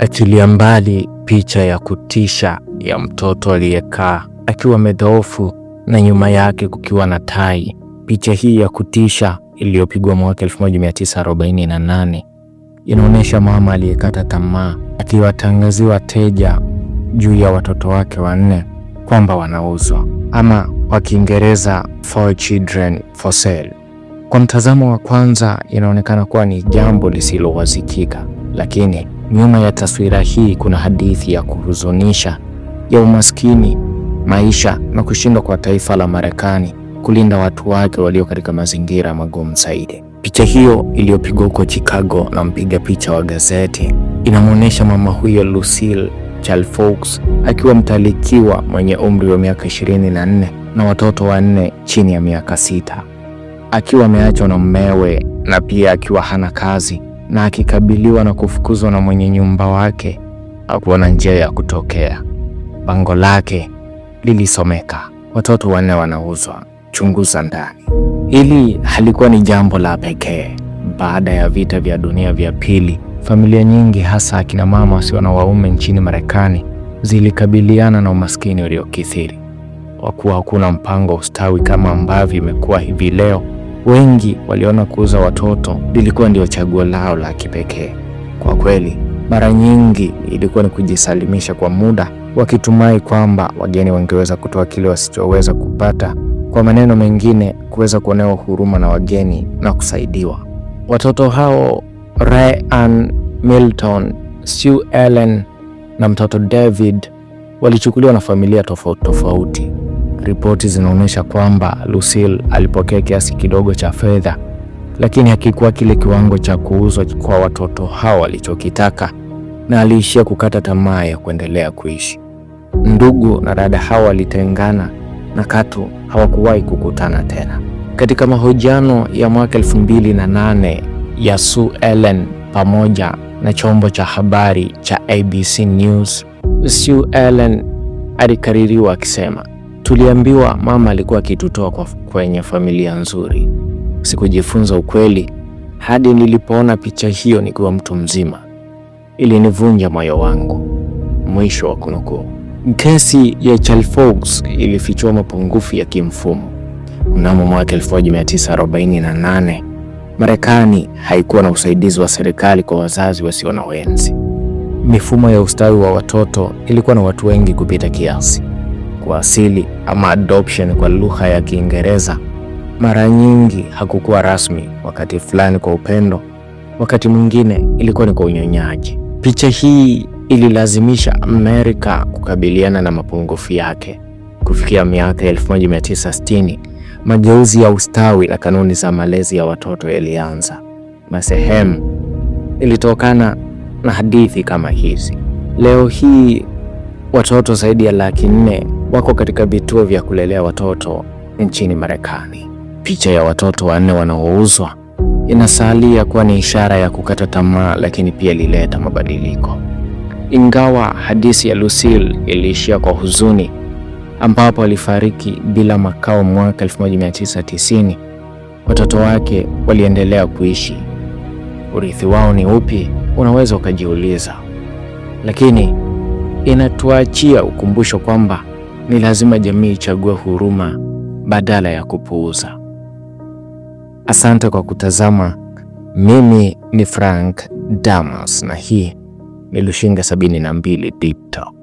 atilia mbali picha ya kutisha ya mtoto aliyekaa akiwa amedhoofu na nyuma yake kukiwa na tai. Picha hii ya kutisha iliyopigwa mwaka 1948 inaonyesha mama aliyekata tamaa akiwatangazia wateja juu ya watoto wake wanne kwamba wanauzwa ama kwa Kiingereza four children for sale. Kwa mtazamo wa kwanza inaonekana kuwa ni jambo lisilowazikika, lakini Nyuma ya taswira hii kuna hadithi ya kuhuzunisha ya umaskini, maisha na kushindwa kwa taifa la Marekani kulinda watu wake walio katika mazingira magumu zaidi. Picha hiyo iliyopigwa huko Chicago na mpiga picha wa gazeti inamwonyesha mama huyo Lucille Charles Fox akiwa mtalikiwa mwenye umri wa miaka 24 na watoto wanne chini ya miaka sita, akiwa ameachwa na mmewe na pia akiwa hana kazi na akikabiliwa na kufukuzwa na mwenye nyumba wake hakuwa na njia ya kutokea. Bango lake lilisomeka, watoto wanne wanauzwa, chunguza ndani. Hili halikuwa ni jambo la pekee. Baada ya vita vya dunia vya pili, familia nyingi, hasa akina mama wasio na waume nchini Marekani, zilikabiliana na umaskini uliokithiri. Kwa kuwa hakuna mpango ustawi kama ambavyo imekuwa hivi leo Wengi waliona kuuza watoto lilikuwa ndio chaguo lao la kipekee. Kwa kweli, mara nyingi ilikuwa ni kujisalimisha kwa muda, wakitumai kwamba wageni wangeweza kutoa kile wasichoweza kupata. Kwa maneno mengine, kuweza kuonewa huruma na wageni na kusaidiwa. Watoto hao Ryan, Milton, Sue Ellen na mtoto David walichukuliwa na familia tofauti tofauti. Ripoti zinaonyesha kwamba Lucille alipokea kiasi kidogo cha fedha, lakini hakikuwa kile kiwango cha kuuzwa kwa watoto hao alichokitaka, na aliishia kukata tamaa ya kuendelea kuishi. Ndugu na dada hao walitengana na katu hawakuwahi kukutana tena. Katika mahojiano ya mwaka nane ya Sue Ellen pamoja na chombo cha habari cha ABC News, Sue Ellen alikaririwa akisema Tuliambiwa mama alikuwa akitutoa kwenye familia nzuri. Sikujifunza ukweli hadi nilipoona picha hiyo nikiwa mtu mzima. Ilinivunja moyo wangu. Mwisho wa kunukuu. Kesi ya Fox ilifichua mapungufu ya kimfumo. Mnamo mwaka 1948 Marekani haikuwa na usaidizi wa serikali kwa wazazi wasio na wenzi. Mifumo ya ustawi wa watoto ilikuwa na watu wengi kupita kiasi kwa asili ama adoption kwa lugha ya Kiingereza mara nyingi hakukuwa rasmi, wakati fulani kwa upendo, wakati mwingine ilikuwa ni kwa unyonyaji. Picha hii ililazimisha Amerika kukabiliana na mapungufu yake. Kufikia miaka 1960 mageuzi ya ustawi na kanuni za malezi ya watoto yalianza. Masehemu ilitokana na hadithi kama hizi. Leo hii Watoto zaidi ya laki nne wako katika vituo vya kulelea watoto nchini Marekani. Picha ya watoto wanne wanaouzwa inasalia kuwa ni ishara ya kukata tamaa, lakini pia ilileta mabadiliko. Ingawa hadithi ya Lucille iliishia kwa huzuni, ambapo alifariki bila makao mwaka 1990, watoto wake waliendelea kuishi. Urithi wao ni upi? Unaweza ukajiuliza, lakini inatuachia ukumbusho kwamba ni lazima jamii ichague huruma badala ya kupuuza. Asante kwa kutazama. Mimi ni Frank Damas na hii ni Lushinga 72 Deep Talk.